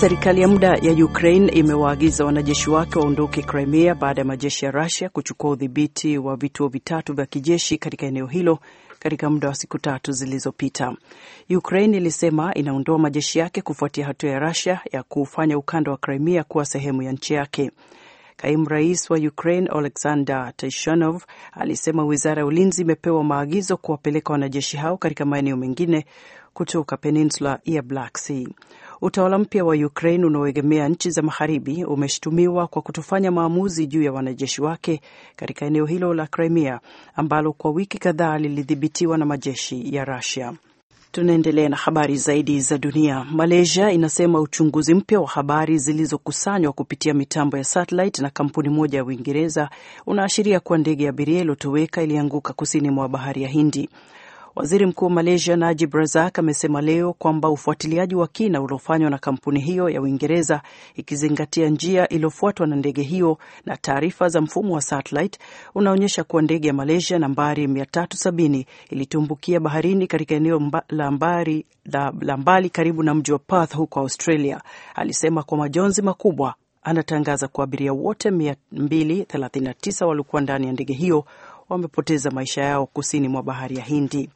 Serikali ya muda ya Ukraine imewaagiza wanajeshi wake waondoke Crimea baada ya majeshi ya Russia kuchukua udhibiti wa vituo vitatu vya kijeshi katika eneo hilo katika muda wa siku tatu zilizopita. Ukraine ilisema inaondoa majeshi yake kufuatia hatua ya Russia ya kufanya ukanda wa Crimea kuwa sehemu ya nchi yake. Kaimu rais wa Ukraine Oleksandr Tishanov alisema wizara ya ulinzi imepewa maagizo kuwapeleka wanajeshi hao katika maeneo mengine kutoka peninsula ya Black Sea. Utawala mpya wa Ukraine unaoegemea nchi za magharibi umeshutumiwa kwa kutofanya maamuzi juu ya wanajeshi wake katika eneo hilo la Crimea ambalo kwa wiki kadhaa lilidhibitiwa na majeshi ya Russia. Tunaendelea na habari zaidi za dunia. Malaysia inasema uchunguzi mpya wa habari zilizokusanywa kupitia mitambo ya satellite na kampuni moja ya Uingereza unaashiria kuwa ndege ya abiria iliyotoweka ilianguka kusini mwa bahari ya Hindi. Waziri Mkuu wa Malaysia Najib Razak amesema leo kwamba ufuatiliaji wa kina uliofanywa na kampuni hiyo ya Uingereza ikizingatia njia iliyofuatwa na ndege hiyo na taarifa za mfumo wa satellite unaonyesha kuwa ndege ya Malaysia nambari 370 ilitumbukia baharini katika eneo mba, la mbali la, mbali karibu na mji wa Perth huko Australia. Alisema kwa majonzi makubwa anatangaza kwa abiria wote 239 waliokuwa ndani ya ndege hiyo wamepoteza maisha yao kusini mwa bahari ya Hindi.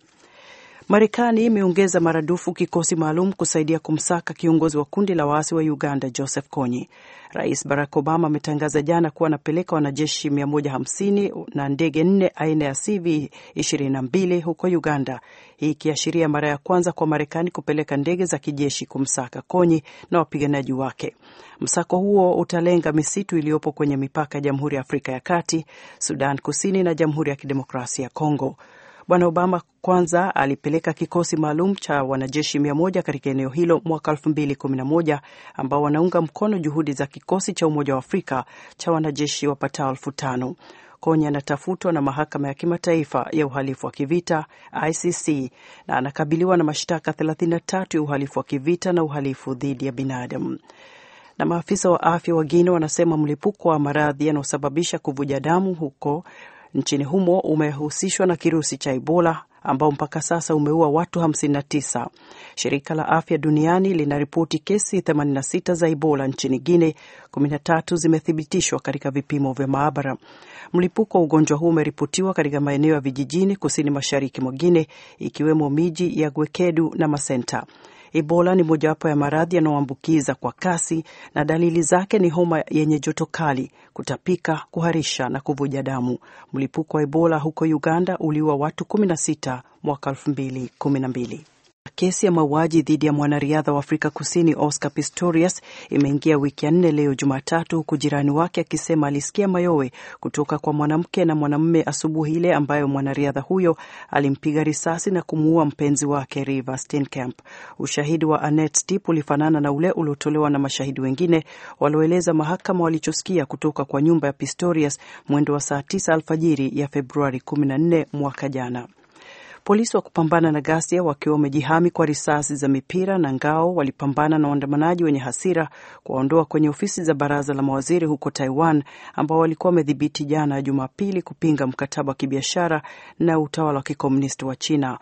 Marekani imeongeza maradufu kikosi maalum kusaidia kumsaka kiongozi wa kundi la waasi wa Uganda, Joseph Kony. Rais Barack Obama ametangaza jana kuwa anapeleka wanajeshi 150 na ndege nne aina ya CV22 huko Uganda, hii ikiashiria mara ya kwanza kwa Marekani kupeleka ndege za kijeshi kumsaka Konyi na wapiganaji wake. Msako huo utalenga misitu iliyopo kwenye mipaka ya Jamhuri ya Afrika ya Kati, Sudan Kusini na Jamhuri ya Kidemokrasia ya Kongo. Bwana Obama kwanza alipeleka kikosi maalum cha wanajeshi mia moja katika eneo hilo mwaka moja ambao wanaunga mkono juhudi za kikosi cha Umoja wa Afrika cha wanajeshi wapatao elfu tano. Konya anatafutwa na mahakama ya kimataifa ya uhalifu wa kivita ICC na anakabiliwa na mashtaka 33 ya uhalifu wa kivita na uhalifu dhidi ya binadamu. Na maafisa wa afya wagine wanasema mlipuko wa maradhi yanayosababisha kuvuja damu huko nchini humo umehusishwa na kirusi cha Ebola ambao mpaka sasa umeua watu 59. Shirika la Afya Duniani linaripoti kesi 86 za Ebola nchini Guine, 13 zimethibitishwa katika vipimo vya maabara. Mlipuko wa ugonjwa huu umeripotiwa katika maeneo ya vijijini kusini mashariki mwa Guine, ikiwemo miji ya Gwekedu na Masenta. Ebola ni mojawapo ya maradhi yanayoambukiza kwa kasi na dalili zake ni homa yenye joto kali, kutapika, kuharisha na kuvuja damu. Mlipuko wa Ebola huko Uganda uliua watu 16 mwaka 2012 kesi ya mauaji dhidi ya mwanariadha wa Afrika Kusini Oscar Pistorius imeingia wiki ya nne leo Jumatatu, huku jirani wake akisema alisikia mayowe kutoka kwa mwanamke na mwanamume asubuhi ile ambayo mwanariadha huyo alimpiga risasi na kumuua mpenzi wake Reeva Steenkamp. Ushahidi wa Annette Stipp ulifanana na ule uliotolewa na mashahidi wengine walioeleza mahakama walichosikia kutoka kwa nyumba ya Pistorius mwendo wa saa 9 alfajiri ya Februari 14 mwaka jana. Polisi wa kupambana na ghasia wakiwa wamejihami kwa risasi za mipira na ngao walipambana na waandamanaji wenye hasira kuwaondoa kwenye ofisi za baraza la mawaziri huko Taiwan, ambao walikuwa wamedhibiti jana ya Jumapili kupinga mkataba wa kibiashara na utawala wa kikomunisti wa China.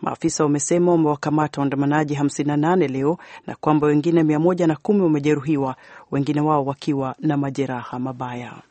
Maafisa wamesema wamewakamata waandamanaji 58 leo na kwamba wengine 110 wamejeruhiwa, wengine wao wakiwa na majeraha mabaya.